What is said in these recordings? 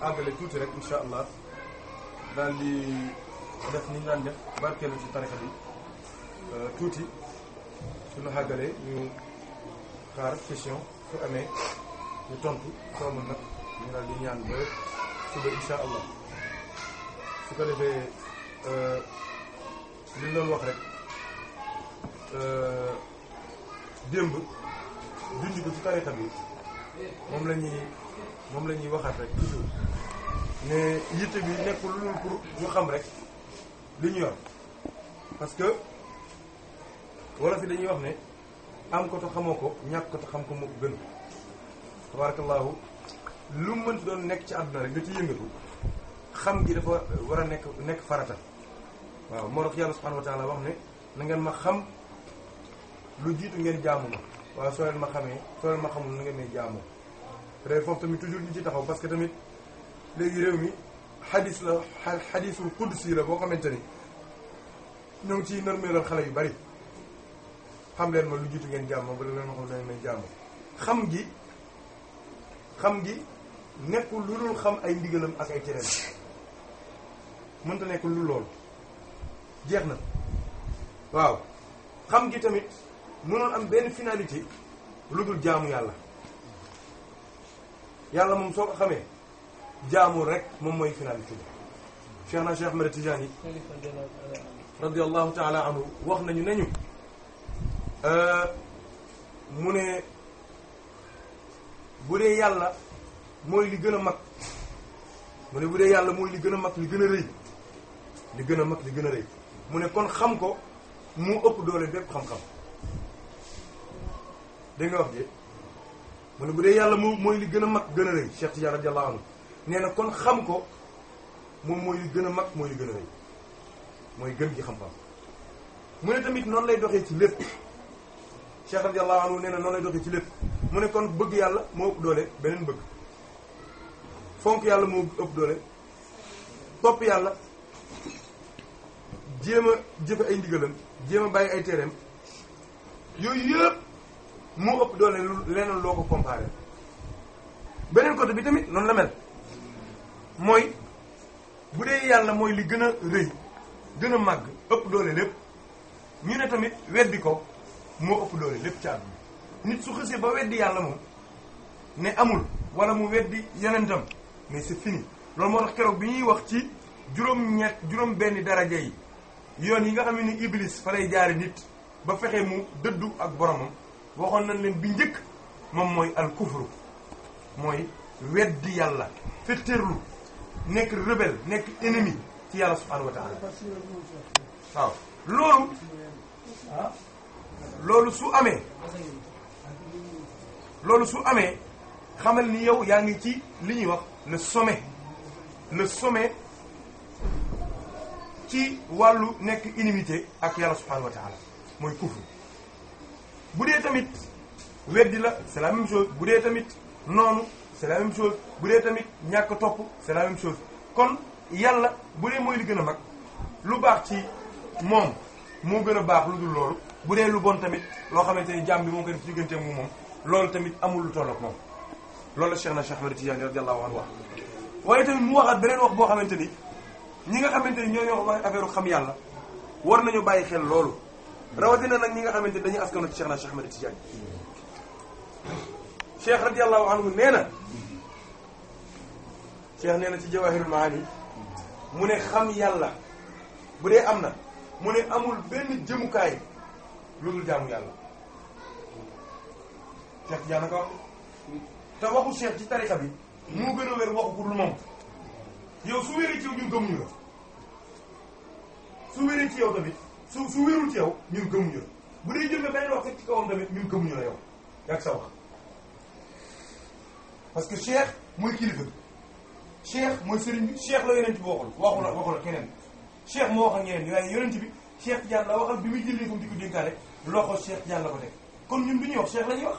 àggale tuuti rek allah daal di def ni ñu daan def barkeelu ci tarixa bi euh, su ko defee euh, li ñu wax rek euh, démb junj ko ci tarixa bi moom la moom la ñuy waxaat rek toujours ne yitte bi nekkul lu pour ñu xam rek li ñu yor parce que wala fi dañuy wax ne am ko xamoo ko ñàkk ko xam ko moo ko gën tabarakallahu lu mu mënti doon nekk ci àdduna rek da ci yëngatu xam gi dafa war a nekk nekk farata waaw moo tax yàlla subhanahu wa taala wax ne na ngeen ma xam lu jiitu ngeen jaamu ma waaw soo leen ma xamee soo leen ma xamul na ngeen may jaamoo réer foofu tamit toujours ñu ci taxaw parce que tamit léegi réew mi xadis la xadisul qudsi la boo xamante ni ñoo ngi ciy nërmeelal xale yu bari xam leen ma lu jiitu ngeen jàmm ba leen waxoon nañ leen jàmm xam gi xam gi nekkul lu dul xam ay ndigalam ak ay tereem mënta nekkul lu loolu jeex na waaw xam gi tamit mënul am benn finalité lu dul jaamu yàlla yàlla moom soo ko xamee jaamu rek moom mooy finalité bi cheikh na cheikh Ahmed Tidiane yi radiallahu taala anhu wax nañu nañu euh, mu ne bu dee yàlla mooy li gën a mag mu bu dee yàlla mooy li gën a mag li gën a rëy li gën a mag li gën a rëy mu ne kon xam ko mu ëpp doole bépp xam-xam dégg wax ji mu ne bu dee yàlla moo mooy li gën a mag gën a rëy Cheikh Tidiane radiyallahu anhu nee na kon xam ko moom mooy li gën a mag mooy li gën a rëy mooy gën gi xam-xam mu ne tamit noonu lay doxee ci lépp Cheikh radiyallahu anhu nee na noonu lay doxee ci lépp mu ne kon bëgg yàlla moo ëpp doole beneen bëgg fonk yàlla moo ëpp doole topp yàlla jéem a jëfe ay ndigalam jéem a bàyyi ay tereem yooyu yëpp moo ëpp doole leneen loo ko comparé beneen côté bi tamit noonu la mel mooy bu dee yàlla mooy li gën a rëy gën a màgg ëpp doole lépp ñu ne tamit weddi ko moo ëpp doole lépp ci àdduna nit su xësee ba weddi yàlla moo ne amul walla mu weddi yonentam mais c'est fini loolu moo tax keroog bi ñuy wax ci juróom-ñett juróom benn daraja yi yoon yi nga xam ne ni iblis fa lay jaari nit ba fexee mu dëddu ak boromam waxoon nañ leen bi njëkk moom mooy al kufru mooy weddi yàlla fetteerlu nekk rebelle nekk ennemi ci yàlla subhanahu wa ta'ala waaw loolu loolu su amee loolu su amee xamal ni yow yaa ngi ci li ñuy wax le sommet le sommet ci wàllu nekk inimité ak yàlla subhanahu wa ta'ala mooy kufru bu dee tamit weddi la c'est la même chose bu dee tamit noonu c'est la bu dee tamit ñàkk topp c'est la kon yàlla bu dee mooy li gën a mag lu baax ci moom moo gën a baax lu dul loolu bu dee lu bon tamit loo xamante ni jàmm bi moo nga def ci diggante mu moom loolu tamit amul lu toll ak moom loolu la Cheikh na Cheikh Ahmed Tidiane radiyallahu anhu wax waaye tamit mu waxaat beneen wax boo xamante ni ñi nga xamante ni ñoo wax affaire xam yàlla war nañu bàyyi xel loolu rawatina nag ñi nga xamante dañu askano ci Cheikh na Cheikh Ahmed Tidiane Cheikh radiyallahu anhu nee na Cheikh na ci Jawahirul Maani mu ne xam yàlla bu dee am na mu ne amul benn jëmukaay lu dul jaamu yàlla Cheikh Tidiane ko te waxu Cheikh ci tarixa bi mu gën wér waxu pour lu moom yow su wéree ci yow ñu la su wéree ci yow tamit su su wérul ci yow ñun gëmuñu la bu dee jël nga benn wax ci kawam tamit ñun gëmuñu la yow yàgg sa wax parce que cheikh mooy kilifa bi cheikh mooy sëriñ bi cheikh la yonent bi waxul waxu moo wax ak ñeneen waaye yonent bi cheikh Diagne la waxal bi muy jël léefam di ko dénkaale loxo cheikh Diagne ko teg kon ñun du ñuy wax cheikh la ñuy wax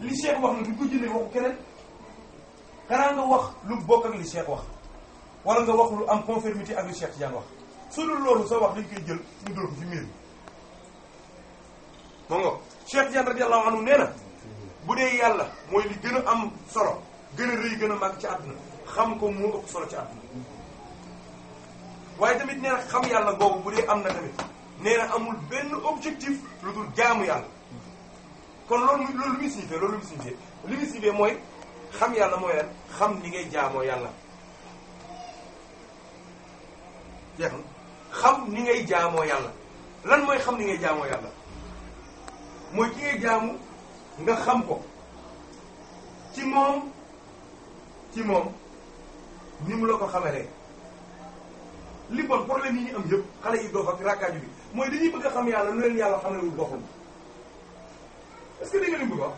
li cheikh wax na duñ ko jëlee waxu keneen xanaa nga wax lu bokk li cheikh wax wala nga waxul lu am conformité ak li cheikh Diagne wax su dul loolu soo wax dañ koy jël ñu dul ko ci miir bi moo nga Cheikh Diagne radiyallahu anhu nee na bu dee yàlla mooy li gën a am solo gën a rëy gën a màgg ci àdduna xam ko moo solo ci àdduna waaye tamit nee na xam yàlla googu bu dee am na tamit nee na amul benn objectif lu dul jaamu yàlla kon loolu loolu lu muy signifie loolu lu muy signifie li muy signifie mooy xam yàlla mooy lan xam li ngay jaamoo yàlla jeex na xam ni ngay jaamoo yàlla lan mooy xam ni ngay jaamoo yàlla mooy ki ngay jaamu nga xam ko ci moom ci moom ni mu la ko xamalee li bon problème yi ñu am yëpp xale yi doof ak rakkaaju bi mooy dañuy bëgg a xam yàlla lu leen yàlla xamalewul boppam est-ce que da lim bëgg wax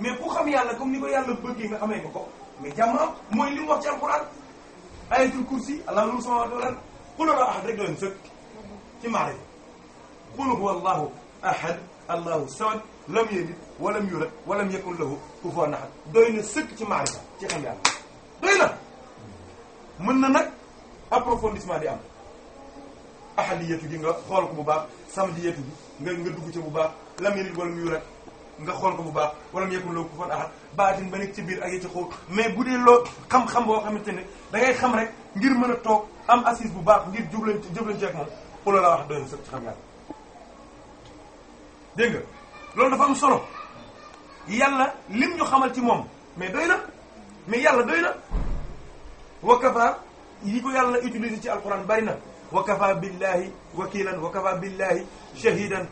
mais ku xam yàlla comme ni ko yàlla bëggee nga xamee nga ko mais jàmm mooy li mu wax ci alxuraan si kursi allah lu sama wa xulal a ahad rek doon sëkk ci maarifa qul huwa allahu ahad allahu samad lam yalid walam yulad walam yakun lahu kufuwan ahad doy na sëkk ci maarifa ci xam yàlla doy na mën na nag approfondissement di am ahadiyatu gi nga xool ko bu baax samadiyatu gi nga nga dugg ci bu baax lam yalid walam yulad nga xool ko bu baax wala mu yekkul loo ko fan ahad baatin ba nekk ci biir ak yi ci xóot mais bu dee loo xam-xam boo xamante ne da ngay xam rek ngir mën a toog am assise bu baax ngir jubleen jëbleen ceeg moom pour la wax doy na sëkk ci xam yàlla dégg loolu dafa am solo yàlla lim ñu xamal ci moom mais doy na mais yàlla doy na wakafa yi ko yàlla utilisé ci alquran bari na wakafa billahi wakilan wakafa billahi shahidan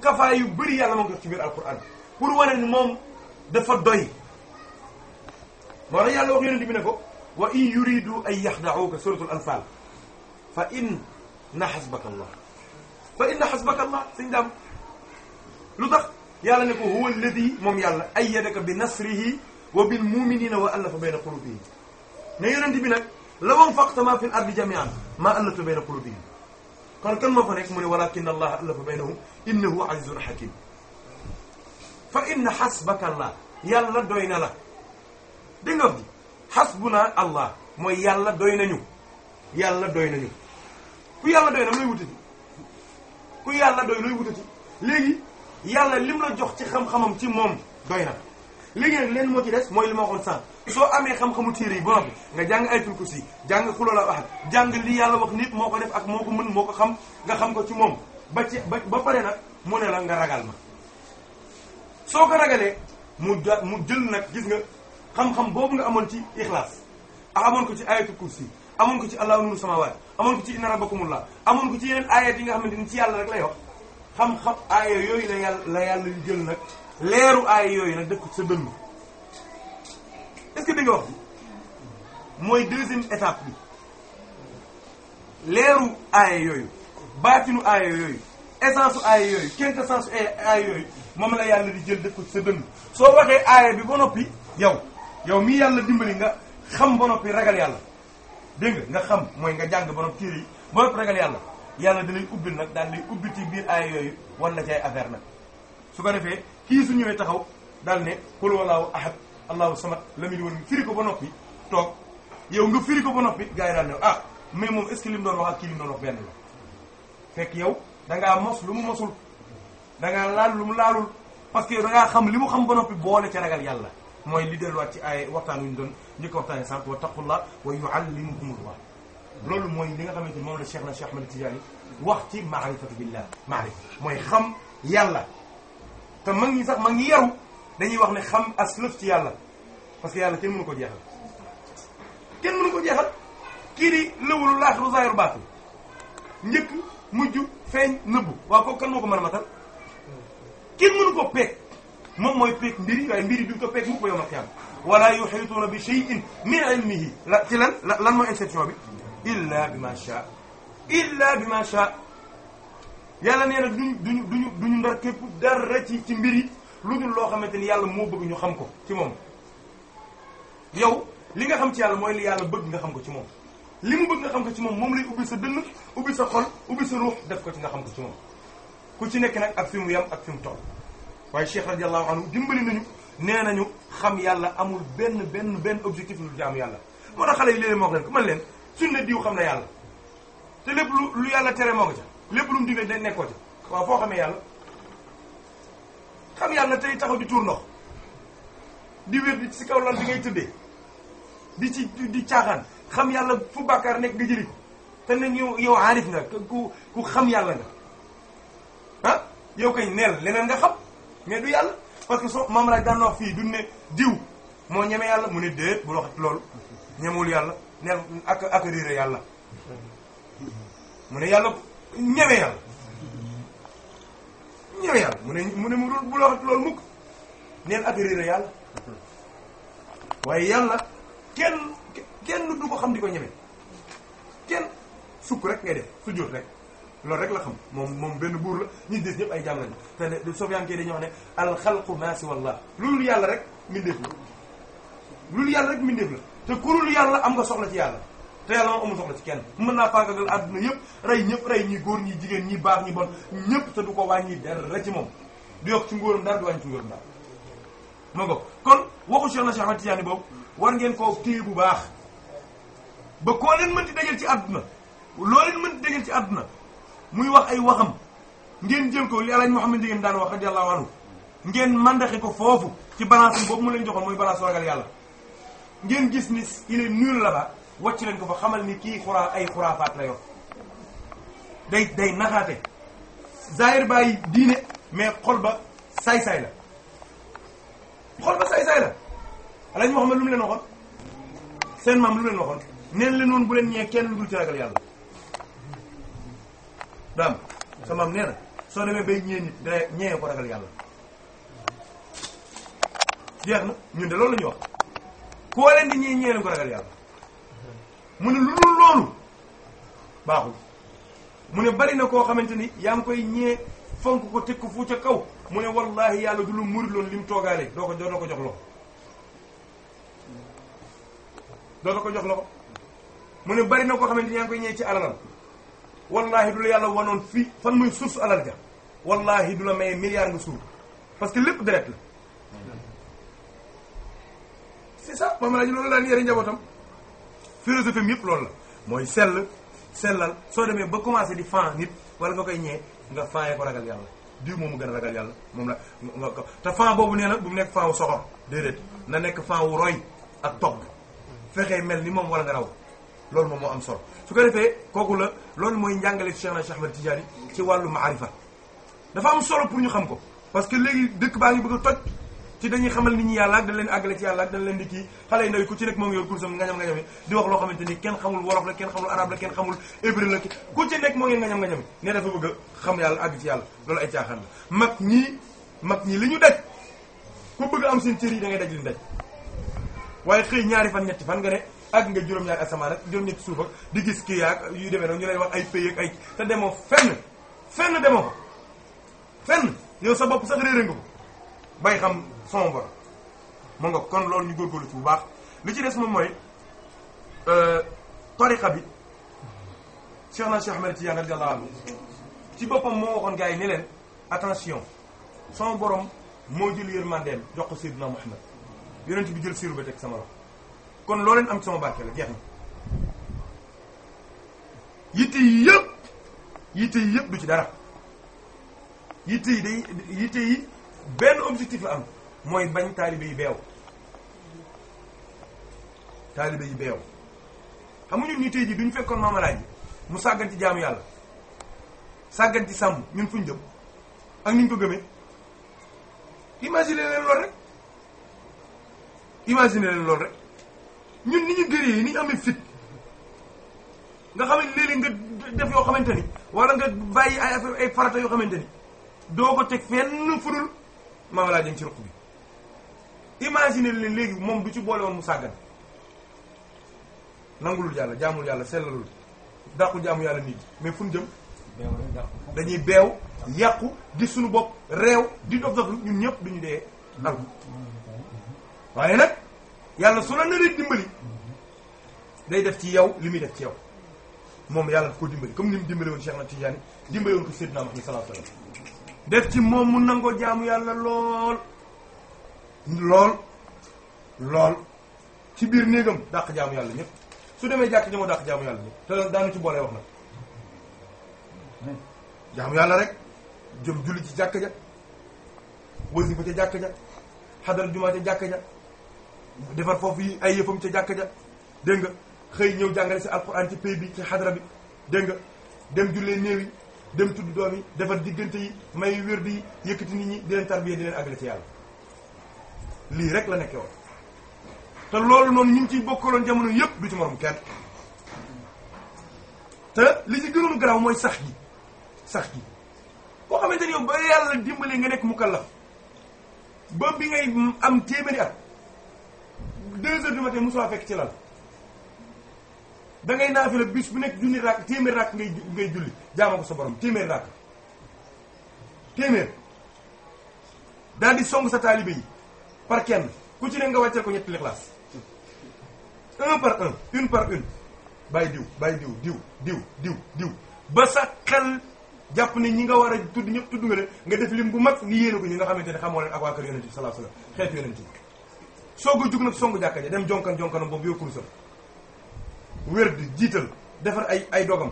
kafa yu bari yàlla moo ngi ci biir alquran pour wane moom dafa doy moo tax yàlla wax yonent bi ne ko wa in yuridu ay yaxda'uka suratul anfal fa inna xasbaka allah fa inna xasbaka allah sëñ daam lu tax yàlla ne ko huwa alladi moom yàlla ayyadaka bi nasrihi wa bil muminina wa allafa bayna qulubihim ne yonent bi nag law anfaqta ma fi l ardi jamian ma allafta bayna qulubihim kon kan ma fa nekk mu ne walakin allah allafa baynahum innahu azizun hakim fa inna xasbaka allah yàlla doy na la dégg nga wax ji bu hasbuna allah mooy yàlla doy nañu yàlla doy nañu ku yàlla doy na looy wutati ku yàlla doy looy wutati léegi yàlla li mu la jox ci xam-xamam ci moom doy na léegi nag leen moo ci des mooy li ma waxoon sànq soo amee xam-xamu téere yi ba noppi nga jàng ayatul kursi jàng xuloola ahad jàng li yàlla wax nit moo ko def ak moo ko mën moo ko xam nga xam ko ci moom ba ci ba ba pare na mu ne la nga ragal ma soo ko ragalee mu mu jël nag gis nga xam-xam boobu nga amoon ci ixlaas ak amoon ko ci ayatul kursi amoon ko ci allahu nuru samawaat amoon ko ci inna la amoon ko ci yeneen ayat yi nga xamante ni ci yàlla rek lay wax xam-xam aaya yooyu la yàlla la yàlla yu jël nag leeru aaya yooyu nag def ko sa mooy deuxième étape bi leeru aaya yooyu baatinu aaya yooyu essence su aaya yooyu quintessence su aaya yooyu moom la yàlla di jël def ko sa dënn soo waxee aaya bi ba noppi yow yow mii yàlla dimbali nga xam ba noppi ragal yàlla dégg nga xam mooy nga jàng ba noppi téere yi ba noppi ragal yàlla yàlla da lay ubbil nag daal ubbi ci biir aaya yooyu wan la ci ay affaire nag su ko defee kii su ñëwee taxaw daal ne qul wallahu ahad allahu samad la mu di woon firi ko ba noppi toog yow nga firi ko ba noppi gars yi daal ne ah mais moom est ce que ak kii li mu doon wax benn la fekk yow dangaa mos lu mu mosul dangaa laal lu mu laalul parce que yow xam li mu xam ba noppi boole ca yàlla mooy li delluwaat ci ay waxtaan wi ñu doon njëkk waxtaanee sànq wa taqullah wa yuallimukumullah loolu mooy li nga xamante ni moom la Cheikh na Cheikh Ahmed Tidiane wax ci maarifatu billah maarif mooy xam yàlla te mag ñi sax mag ñi yaru dañuy wax ne xam aslëf ci yàlla parce que yàlla kenn mënu ko jeexal kenn mënu ko jeexal kii di lëwalu laaxiru zaahiru baatin njëkk mujj feeñ nëbbu waaw kooku kan moo ko mën a matal kenn mënu ko moom mooy peeg mbiri waaye mbiri duñ ko peeg mukk ba yawmal qiyaama wala yuhituuna bi shay'in min ilmihi la ci lan lan mooy exception bi illa bi ma sha illa bi ma sha yàlla nee na duñu duñu duñu duñu ndar képp dara ci ci mbir yi lu dul loo xamante ni yàlla moo bëgg ñu xam ko ci moom yow li nga xam ci yàlla mooy li yàlla bëgg nga xam ko ci moom li mu bëgg nga xam ko ci moom moom lay ubbi sa dënn ubbi sa xol ubbi sa ruux def ko ci nga xam ko ci moom ku ci nekk nag ak fi mu yem waaye Cheikh radiyallahu anhu dimbali nañu nee nañu xam yàlla amul benn benn benn objectif lu jaamu yàlla moo tax xale yi léeg-léeg ma leen ko man leen suñ ne diw xam na yàlla te lépp lu lu yàlla tere moo nga ca lépp lu mu diggee dañ nekkoo ca waaw foo xamee yàlla xam yàlla tey taxaw di tuur ndox di wér di si kaw lal bi ngay tëddee di ci di caaxaan xam yàlla fu bàkkaar nekk nga jëli ko te ne yow yow aarif nga ku xam yàlla nga ah yow kañ neel leneen nga xam mais du yàlla parce que soo maam laaj daan wax fii duñ ne diw moo ñeme yàlla mu ne déet bu waxati loolu ñemewul yàlla ne ak ak riire yàlla mu ne yàlla ñeme yàlla mu ne mu ne mu dul bu waxati loolu mukk neen ak riire yàlla waaye yàlla kenn kenn du ko xam di ko ñeme kenn sukk rek ngay def sujjóot rek loolu rek la xam moom moom benn buur la ñi des ñëpp ay jàmm lañu te sofiankee dañuy wax ne alxalqu ma si wallah loolu yàlla rek mindeef la loolu yàlla rek mindeef la te ku lul yàlla am nga soxla ci yàlla te yàlla moom amul soxla ci kenn mën naa faagagal àdduna yëpp rey ñëpp rey ñi góor ñi jigéen ñi baax ñi bon ñëpp te du ko wàññi dara ci moom du yokk ci ngóoram dara du wàññi ci ngóoram dara ma ko kon waxu Cheikh na Cheikh Ahmed boobu war ngeen koo bu baax ba koo mën di dajal ci àdduna loo mën di ci àdduna muy wax ay waxam ngeen jël ko li alaaj Muhammad Ndieguene daan wax radiyallahu anhu ngeen mandaxe ko foofu ci balance boobu mu leen joxo muy balance ragal yàlla ngeen gis ni il est nul là-bas wàcc leen ko fa xamal ni kii xuraa ay xuraafaat la yor day day naxaate ba bàyyi diine mais xol ba saay-saay la xol ba saay-saay la alaaj Muhammad lu mu leen waxoon seen maam lu mu leen waxoon neen leen woon bu leen ñee kenn lu dul ci ragal yàlla daam sama am nee na soo demee bay ñee nit da ñee ko ragal yàlla jeex ñun de loolu ñu wax koo leen di ñee ñee ko ragal yàlla mu ne lu dul loolu baaxul mu ne bari na koo xamante ni yaa ngi koy ñee fonk ko teg ko fu ca kaw mu ne wallahi yàlla du lu murit loon li mu toogaale doo ko doo ko jox loxo doo ko jox loxo mu ne bari na koo xamante ni yaa ngi koy ñee ci alalam wallaahi du la yàlla wanoon fii fan muy source alal ja wallaahi du la maye milliard nga suur parce que lépp deret la c'est ça moom laa ji loolu daan yëre njabootam philosophie yëpp lool la mooy sell sellal soo demee ba commencé di fen nit wala nga koy ñëwee nga faaye ko ragal yàlla diw mu gën a ragal yàlla moom la nga ko te fan boobu nee na bu mu nekk fan wu soxor déedéet na nekk fan wu roy ak togg fexee mel ni moom wala nga raw loolu moom moo am solo su ko defee kooku la loolu mooy njàngale Cheikh na Cheikh Ahmed Tidiane ci wàllu maarifa dafa am solo pour ñu xam ko parce que léegi dëkk baa ngi bëgg a toj ci dañuy xamal nit ñi yàlla ak dañ leen àggale ci yàlla ak dañ leen di kii xale yi ndaw yi ku ci nekk moo ngi yor kursam ngañam ngañami di wax ni kenn xamul wolof la kenn xamul arab la kenn xamul hébreu moo ngi ne dafa bëgg xam yàlla àgg ci yàlla loolu ay caaxaan la mag ñii mag ñi li ñu daj ku bëgg am seen cër yi da daj li ñu daj waaye xëy ñaari fan ñetti fan nga àgg nga juróom-ñaari asamaan ak juróom-ñetti suuf di gis kii ak yu demee noonu ñu lay wax ay pay ak ay te demoo fenn fenn demoo ko fenn yow sa bopp sax réeré nga ko bay xam son borom mu nga kon loolu ñu góorgóorlu ci bu baax li ci des moom mooy euh, tariqa bi Cheikh na Cheikh Ahmed Tidiane radiyallahu anhu ci boppam moo waxoon gars yi ni leen attention son borom moo jël yërmandeem jox ko Seydina Muhammad yonent bi jël siiru ba teg sama loxo kon loo am ci sama barke la jeex na yitte yi yëpp yitte yi yëpp du ci dara yitte yi day yitte yi benn objectif la am mooy bañ taalibe yi beew taalibe yi beew xam nga ñun ñu tey ji duñu fekkoon maamalaay mu sàggan ci jaamu yàlla sàggan ci sàmm ñun fuñ jëm ak niñ ko gëmee imagine leen lool rek imagine leen lool rek ñun ni ñu gëree yi ni ñu amee fit nga xam ne nga def yoo xamante ni wala nga bàyyi ay affaire ay farata yoo xamante ni doo ko teg fenn furul maa laa dem ci ruq bi imagine leen léegi moom du ci boole woon mu sàggan nangulul yàlla jaamul yàlla sellalul dàqul jaamu yàlla nit mais fu jëm dañuy beew yàqu di sunu bopp réew di dof dof ñun ñëpp duñu dee dal mm-hmm. waaye nag yàlla su la naree dimbali day def ci yow li muy def ci yow moom yàlla daf ko dimbali comme ni mu dimbali woon Cheikh na Tidiane dimbali woon ko Seydina Muhammad sallallahu alayhi wasallam def ci moom mu nangoo jaamu yàlla lool lool lool ci biir néegam dàq jaamu yàlla ñëpp su demee jàkk ñamoo dàq jaamu yàlla ñëpp te daanu ci boolee wax nag jaamu yàlla rek jëm julli ci jàkk ja wasifa ca jàkk ja xadar jumaa ca jàkk ja defar foofu yi ay yëfam ca jàkka ja dégg nga xëy ñëw jàngale si alxuraan ci pay bi ci xadra bi dégg nga dem jullee néew yi dem tudd doom yi defar diggante yi may wér di yëkkati nit ñi di leen tarbiya di leen àggale ci yàlla lii rek la nekkee woon te loolu noonu ñu ngi ciy bokkaloon jamono yëpp du ci morom kenn te li ci gënoon garaaw mooy sax gi sax ji boo xamante ni yow ba yàlla dimbali nga nekk mu mukallaf ba bi ngay am téeméeri at deux heures du matin mosoo fekk ci lal da ngay naafila bis bu nekk junni rakk téeméer rakk ngay ngay julli jaama ko sa borom téeméer rakk téeméer daal di song sa taalibe yi par kenn ku ci ne nga wàcceel ko ñetti lixlaas un par un une par une bàyyi diw bàyyi diw diw diw diw diw ba sa xel jàpp ne ñi nga war a tudd ñëpp tudd nga leen nga def lim bu mag ni yéene ko ñi nga xamante ne xamoo leen ak waa kër yonent bi sallallahu alayhi wasallam xeetu yonent bi soog a jug nag songu jàkka ja dem jonkan jonkanam boobu yoo kurusam wér di jiital defar ay ay dogam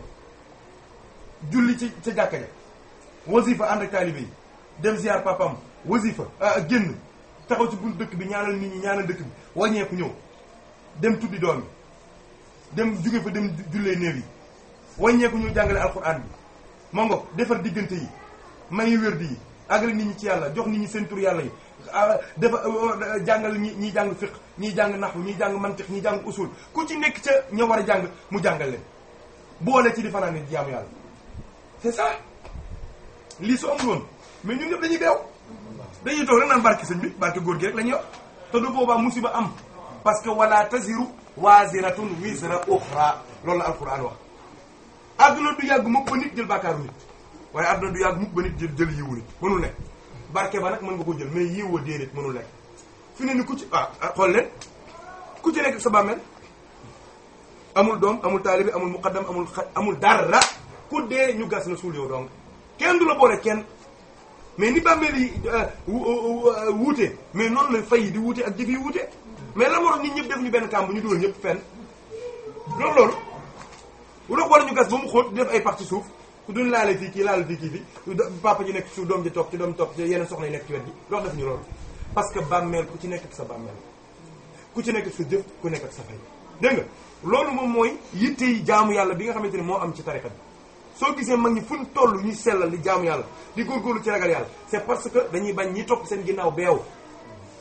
julli ci ca jàkka ja wasifa ànd ak taalibe yi dem ziar papam wasifa ah, génn taxaw ci bunt dëkk bi ñaanal nit ñi ñaanal dëkk bi wàññeeku ñëw dem tuddi doom yi dem jóge fa dem jullee néew yi wàññeeku ñëw jàngale alxuraan bi ma ngo defar diggante yi may wér di yi agale nit ñi ci yàlla jox nit ñi seen tur yàlla yi Ah, dafa euh, euh, jàngal ñi ñiy jàng fiq ñiy jàng naxu ñiy jàng mantiq ñiy jàng usul ku ci nekk ca ña war a jàng mu jàngale boole ci di fanaan ne jaamu yàlla c'est ça lii su amul woon mais ñu ñëpp dañuy beew dañuy toog rek naan barke sëñ bi barke góor gi rek la ñuy wax te du boobaa musiba am parce que wala taziru waziratun wisra uxra loolu la alquran wax adduna du yàgg mukk ba nit jël bàkkaaru nit waaye adduna du yàgg mukk ba nit jël jël yiwu nit mënul ne barke ba nag mën nga koo jël mais yiiwa déedéet mënul nekk fi ne ni ku ci ah, ah xool leen ku ci nekk sa bàmmeel amul doom amul taalibi amul muqaddam amul amul dara ku dee ñu gas na suul yow donc kenn du la boole kenn mais ni bàmmeel yi euh, euh, wuute mais noonu la fay di wuute ak jëf yi wuute mais la moroom nit ñëpp def ñu benn kàmb ñu dugal ñëpp fenn loolu loolu wala boole ñu gas ba mu xóot di def ay pax ci suuf ku duñ laale fii kii laal fii kii fii papa ji nekk ci suuf doom ji toog ci doom toog ci yeneen soxna yi nekk ci wet gi loolu def ñu loolu parce que bàmmeel ku ci nekk ak sa bàmmeel ku ci nekk ak sa jëf ku nekk ak sa fay nga loolu moom mooy yittey jaamu yàlla bi nga xamante ne moo am ci tariqa bi soo gisee mag ñi fuñ toll ñu sellal di jaamu yàlla li di góorgóorlu ci ragal yàlla c'est parce que dañuy bañ ñi topp seen ginnaaw beew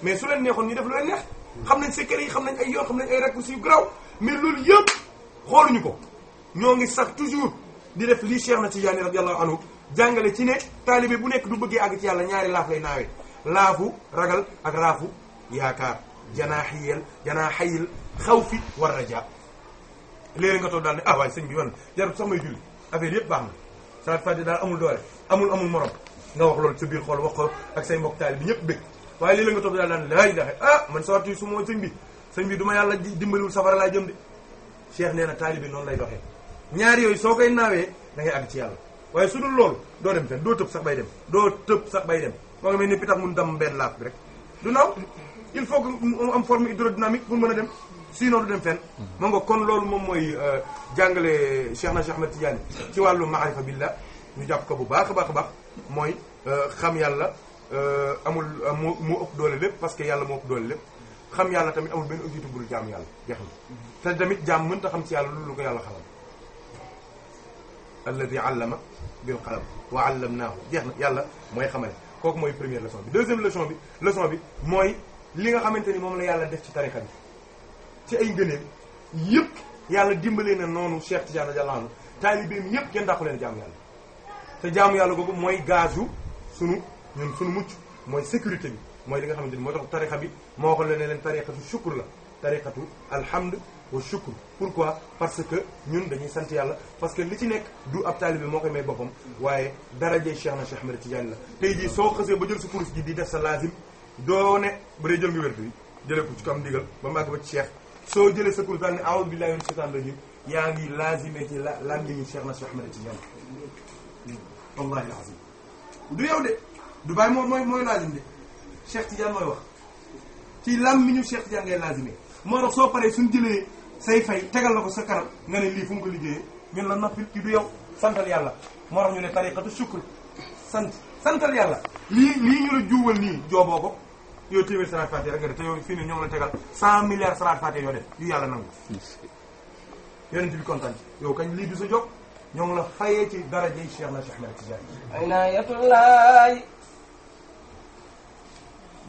mais su leen neexoon ñu def lu leen xam nañ secret yi xam nañ ay yoon xam nañ ay yu graw mais loolu yëpp xooluñu ko ñoo ngi sax toujours di def lii Cheikh na Tidiane radiyallahu anhu jàngale ci ne taalibe bu nekk du bëggee àgg ci yàlla ñaari laaf lay naawee ragal ak laafu yaakaar janaaxiyel janaaxayil xawfi war rajaa léegi nga toog daal ne ah waay sëñ bi wan jarul sax may julli yëpp baax na saa amul doole amul amul morom nga wax loolu sa biir xool wax ko ak say mbokk taalibe ñëpp bëgg waaye léegi nga ah man sawatu su moo sëñ bi sëñ bi du ma yàlla dimbaliwul safara laa jëm de Cheikh nee na noonu lay doxee ñaari yooyu soo koy naawee da ngay àgg ci yàlla waaye su dul loolu doo dem fenn doo tëb sax bay dem doo tëb sax bay dem moo ngi mel ni pitax mun dam benn laaf bi rek du naaw il faut que mu am forme hydrodynamique pour mën a dem sinon du dem fenn mm-hmm. moo nga kon loolu moom mooy euh, jàngale Cheikh na Cheikh Ahmed Tidiane ci wàllu maarifa billah ñu jàpp ko bu baax a baax a baax mooy euh, xam yàlla euh, amul moo moo ëpp doole lépp parce que yàlla moo ëpp doole lépp xam yàlla tamit a benn objectif bu yàlla jeex na mm-hmm. te tamit jaam mënta xam yàlla loolu yàlla xamal alladi allama bil qalam wa allamnaahu jeex na yàlla mooy xamale kooku mooy première leçon bi deuxième leçon bi leçon bi mooy li nga xamante ni moom la yàlla def ci tarixa bi ci ay ngëneel yëpp yàlla dimbalee na noonu Cheikh Tidiane radiyallahu anhu taalibeem yëpp kenn dàqu leen jaamu yàlla te jaamu yàlla googu mooy gazu sunu ñun sunu mucc mooy sécurité bi mooy li nga xamante ni moo tax tarixa bi moo waxoon leen ne leen tariqatu shukr la tariqatu alhamd wa shukr pourquoi parce que ñun dañuy sant yàlla parce que li ci nekk du ab taalibe moo koy may boppam waaye darajee Cheikh na Cheikh Ahmed Tidiane la tey jii soo xasee ba jël sa kurus gi di def sa laazim doo ne ba dee jël nga wérdu yi jëlee ko ci kam ndigal ba màgg ba ci Cheikh soo jëlee sa kurus daal ne a'uudu billaahi mina shaytaani rajiim yaa ngi laazimee la lan ñu na Cheikh Ahmed Tidiane wallaahi azim du yow de du bàyyi moo mooy mooy laazim de Cheikh Tidiane mooy wax ci lam mi ñu Cheikh Tidiane moo tax soo paree suñ jëlee say fay tegal la ko sa kanam nga ne lii fu mu ko liggéeyee ñun la noppi ki du yow santal yàlla moo tax ñu ne tariqatu shukr sant santal yàlla lii lii ñu la juuwal nii jooboo ko yow téeméer salaat fatiha rek nga def te yow fii ne ñoo la tegal cent milliards salaat fatiha yoo def yu yàlla nangu yonent bi kontaan yow kañ lii du sa jóg ñoo ngi la fayee ci daraje Cheikh na Cheikh Ahmed Tidiane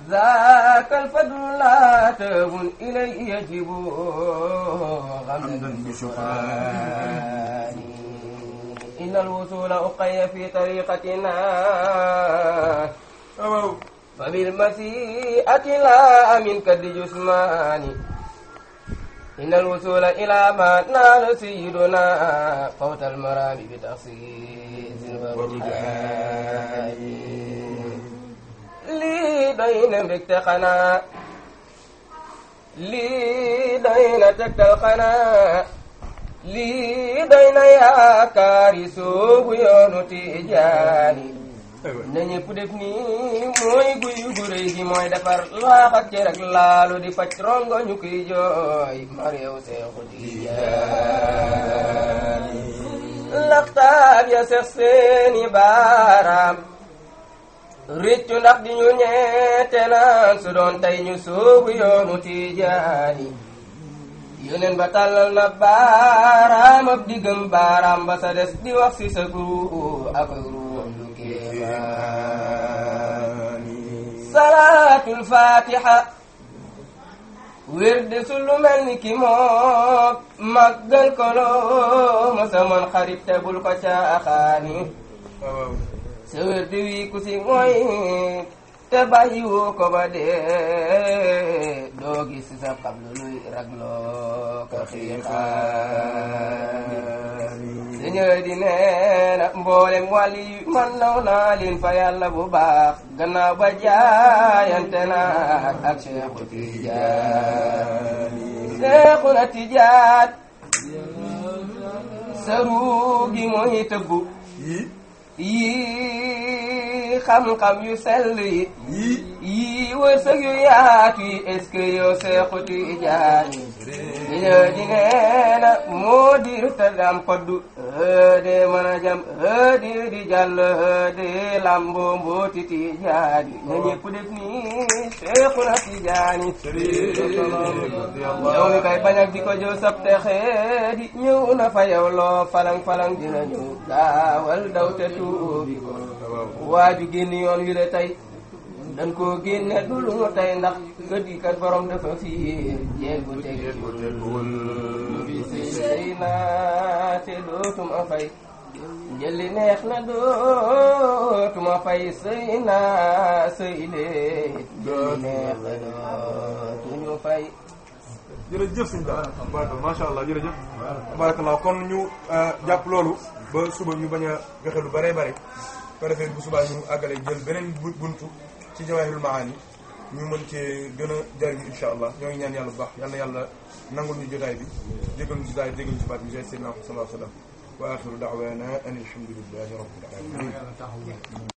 ذاك الفضل لا تهن إليه يجب غمدا بشكران إن الوصول أقي في طريقتنا فبالمسيئة لا من كد جسماني إن الوصول إلى ما نال سيدنا فوت المرام بتخصيص البرجان lii doy na mbégte xanaa lii doy na tegtal xanaa lii doy na yaakaar yi soobu yoonu tijaani na ñëpp def nii mooy guy gu gi mooy defar laax ak cër ak di faj rongo ñu koy jooy mareew seexu tijaani laxtaab seex seeni baaraam réccu ndax di ñu ñeete naan su doon tey ñu soobu yoonu tijaani yónneen ba tàllal na baaraam ab diggam baaraam ba sa des di wax si sa guru ak ruum lu kéemaani salaatul faatiha su lu ni ki moom màggal ko ma sa mën xarit te ko caaxaani sa wér di wii ku si mooy te bàyyi woo ba dee doo gis sa xablu luy ragloo ko xiixaar señor di neena mboolem wàlli man naw naa fa yàlla bu baax gannaaw ba jaayante naa ak Seexu Tijaan Seexu na Tijaan sa ruugi mooy tëggu yii yi xam-xam yu sell yi yii wërsëg yu yaatu yi est-ce que yow Seexu Tijaan dina dineena moo dir ta dam hëde mën jam hëde di jàll hëde lamboo mbooti Tijaani na ñëpp def nii Seexu na Tijaani yow mi kay bañak di ko jow sabte ñëw na fa loo falang falang dina ñëw gaawal daw te tuubi ko waaju génn yoon wi la tey dañ ko génne du lu mu tey ndax kër gi kat borom dafa fii jéegu tegul sëy naa te dootuma fay jëli neex na dootuma fay sëy naa sëy lee jëli neex na dootuñu fay jërëjëf sëñ daal macha kon ñu euh, jàpp loolu ba suba ñu bañ a joxe lu bare bare ko defee bu subaa ñu àggale jël beneen buntu ci jawaahirul maani ñu mën cee gën a jariñu insha allah ñoo ngi ñaan yàlla bu baax yal na yàlla nangul ñu jotaay bi jégal ñu jotaay jégal ñu ci baat bi jay seydina sallallahu alayhi wa sallam wa axiru da'wana an alhamdulillahi rabbil alamin